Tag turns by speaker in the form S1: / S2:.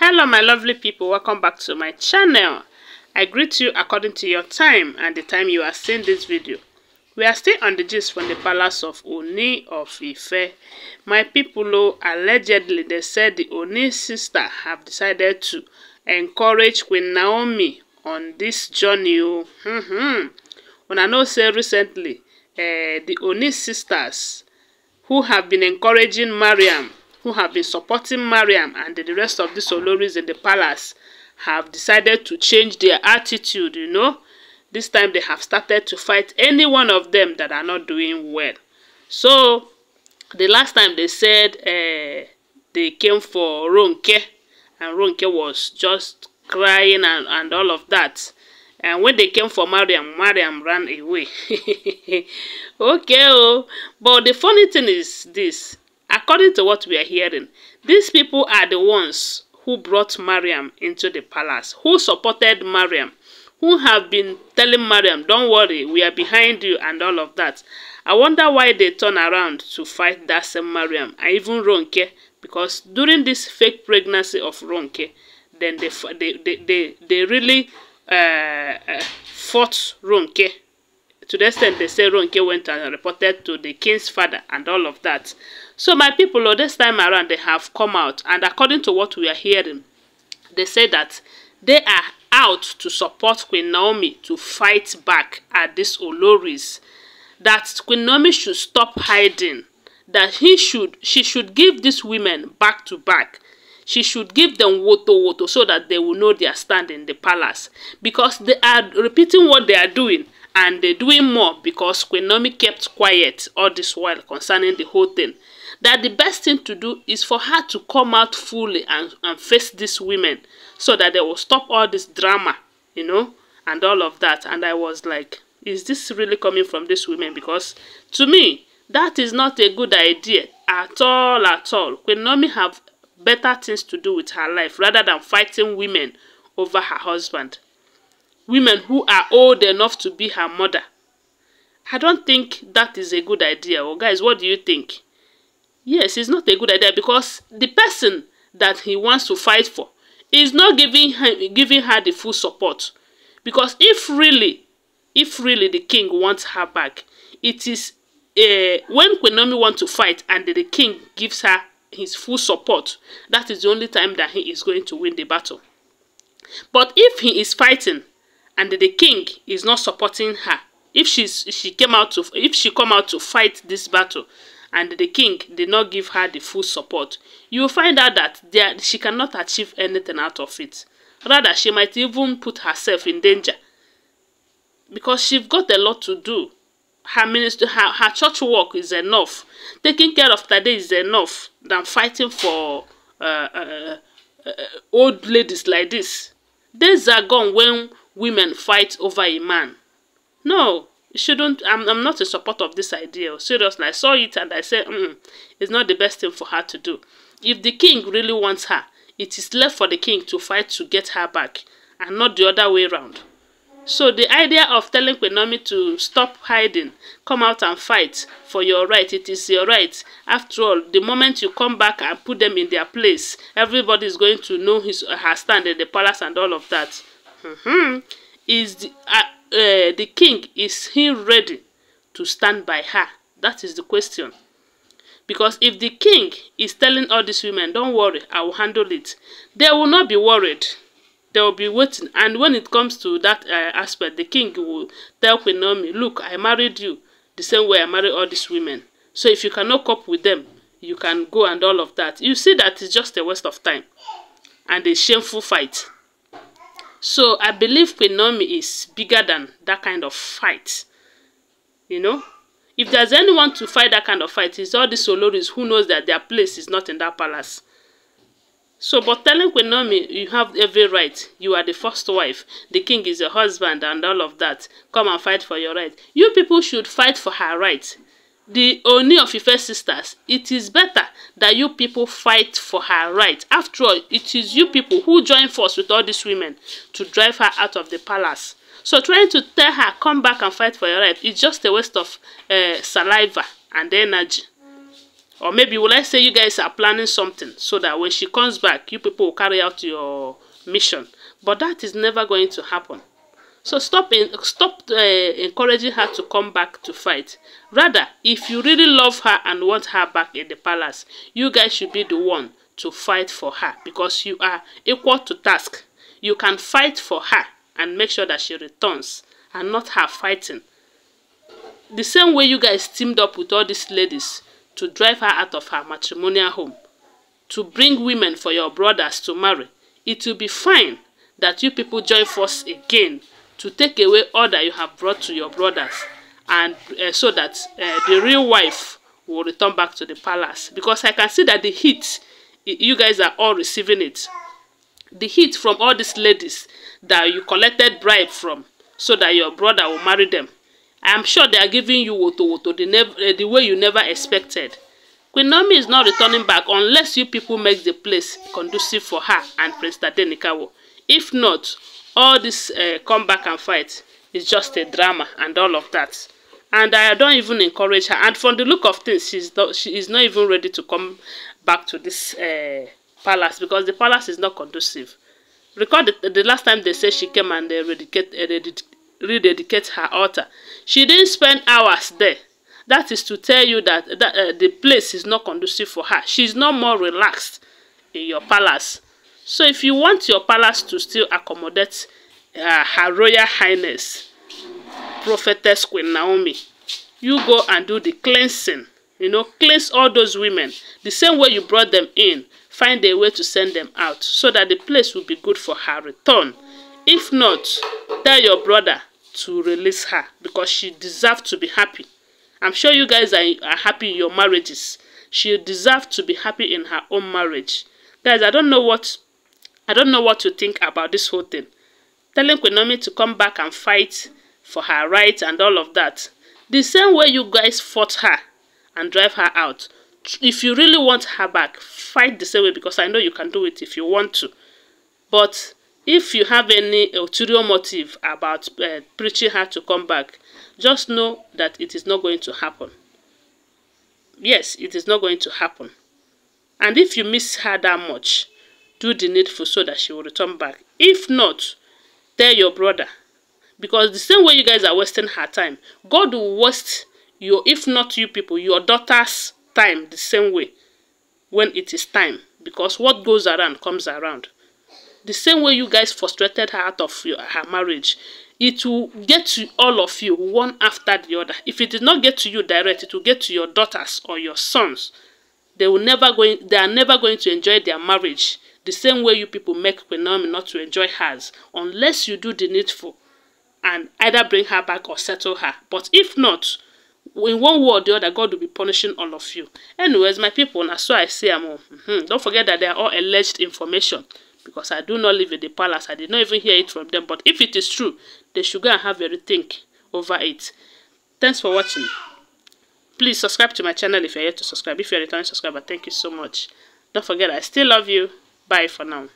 S1: hello my lovely people welcome back to my channel i greet you according to your time and the time you are seeing this video we are still on the gist from the palace of Oni of Ife my people oh allegedly they said the Oni sister have decided to encourage Queen Naomi on this journey oh mm -hmm. una know say recently uh, the Oni sisters who have been encouraging Mariam who have been supporting Mariam and the rest of the Oloris in the palace have decided to change their attitude, you know. This time they have started to fight any one of them that are not doing well. So, the last time they said uh, they came for Ronke, and Ronke was just crying and, and all of that. And when they came for Mariam, Mariam ran away. okay, oh. but the funny thing is this According to what we are hearing, these people are the ones who brought Mariam into the palace, who supported Mariam, who have been telling Mariam, don't worry, we are behind you and all of that. I wonder why they turn around to fight that same Mariam and even Ronke eh? because during this fake pregnancy of Ronke, eh, then they, they, they, they, they really uh, uh, fought Ronke eh? to the extent they say Ronke went and reported to the king's father and all of that. So my people, oh, this time around, they have come out. And according to what we are hearing, they say that they are out to support Queen Naomi to fight back at this Oloris. That Queen Naomi should stop hiding. That he should, she should give these women back to back. She should give them woto woto so that they will know their stand in the palace. Because they are repeating what they are doing and they're doing more because Kwenomi kept quiet all this while concerning the whole thing. That the best thing to do is for her to come out fully and, and face these women so that they will stop all this drama, you know, and all of that. And I was like, is this really coming from these women? Because to me, that is not a good idea at all, at all. Kwenomi have better things to do with her life rather than fighting women over her husband women who are old enough to be her mother. I don't think that is a good idea. Well, oh, guys, what do you think? Yes, it's not a good idea because the person that he wants to fight for is not giving him, giving her the full support. Because if really, if really the king wants her back, it is uh, when Kwenomi wants to fight and the king gives her his full support, that is the only time that he is going to win the battle. But if he is fighting and the king is not supporting her if she's, she came out to if she come out to fight this battle and the king did not give her the full support you will find out that there, she cannot achieve anything out of it rather she might even put herself in danger because she's got a lot to do her minister her, her church work is enough taking care of today is enough than fighting for uh, uh, uh, old ladies like this days are gone when women fight over a man. No, you shouldn't. I'm, I'm not in support of this idea. Seriously, I saw it and I said, mm, it's not the best thing for her to do. If the king really wants her, it is left for the king to fight to get her back and not the other way around. So the idea of telling Kwenomi to stop hiding, come out and fight for your right, it is your right. After all, the moment you come back and put them in their place, everybody is going to know his her stand in the palace and all of that mm-hmm, is the, uh, uh, the king, is he ready to stand by her? That is the question. Because if the king is telling all these women, don't worry, I will handle it, they will not be worried. They will be waiting. And when it comes to that uh, aspect, the king will tell Queen Naomi, look, I married you the same way I married all these women. So if you cannot cope with them, you can go and all of that. You see that it's just a waste of time and a shameful fight. So I believe Queen is bigger than that kind of fight. You know? If there's anyone to fight that kind of fight, it's all these Oloris who knows that their place is not in that palace. So, but telling Queen you have every right. You are the first wife. The king is your husband and all of that. Come and fight for your right. You people should fight for her right the Ooni of Ife sisters, it is better that you people fight for her right. After all, it is you people who join force with all these women to drive her out of the palace. So trying to tell her, come back and fight for your right, is just a waste of uh, saliva and energy. Or maybe will I say you guys are planning something so that when she comes back, you people will carry out your mission. But that is never going to happen. So stop en stop uh, encouraging her to come back to fight. Rather, if you really love her and want her back in the palace, you guys should be the one to fight for her because you are equal to task. You can fight for her and make sure that she returns and not her fighting. The same way you guys teamed up with all these ladies to drive her out of her matrimonial home, to bring women for your brothers to marry, it will be fine that you people join force again to take away all that you have brought to your brothers and uh, so that uh, the real wife will return back to the palace because i can see that the heat you guys are all receiving it the heat from all these ladies that you collected bribe from so that your brother will marry them i am sure they are giving you woto woto the, uh, the way you never expected queen Nomi is not returning back unless you people make the place conducive for her and prince tadenikawo if not all this uh, come back and fight is just a drama and all of that and i don't even encourage her and from the look of things she's not she is not even ready to come back to this uh, palace because the palace is not conducive recall the, the last time they say she came and they rededicate, rededicate, uh, rededicate her altar she didn't spend hours there that is to tell you that, that uh, the place is not conducive for her she's not more relaxed in your palace So if you want your palace to still accommodate uh, Her Royal Highness, Prophetess Queen Naomi, you go and do the cleansing. You know, cleanse all those women. The same way you brought them in, find a way to send them out so that the place will be good for her return. If not, tell your brother to release her because she deserves to be happy. I'm sure you guys are, are happy in your marriages. She deserves to be happy in her own marriage. Guys, I don't know what I don't know what to think about this whole thing. Telling Kwenomi to come back and fight for her rights and all of that. The same way you guys fought her and drive her out. If you really want her back, fight the same way because I know you can do it if you want to. But if you have any ulterior motive about uh, preaching her to come back, just know that it is not going to happen. Yes, it is not going to happen. And if you miss her that much, do the needful so that she will return back. If not, tell your brother. Because the same way you guys are wasting her time, God will waste your, if not you people, your daughter's time the same way when it is time. Because what goes around comes around. The same way you guys frustrated her out of your, her marriage, it will get to all of you one after the other. If it did not get to you direct, it will get to your daughters or your sons. They will never going. They are never going to enjoy their marriage The same way you people make Kwenomi not to enjoy hers, unless you do the needful and either bring her back or settle her. But if not, in one way or the other, God will be punishing all of you. Anyways, my people, now so I say am. Mm -hmm. Don't forget that they are all alleged information because I do not live in the palace. I did not even hear it from them. But if it is true, they should go and have a rethink over it. Thanks for watching. Please subscribe to my channel if you're yet to subscribe. If you're a returning subscriber, thank you so much. Don't forget, I still love you. Bye for now.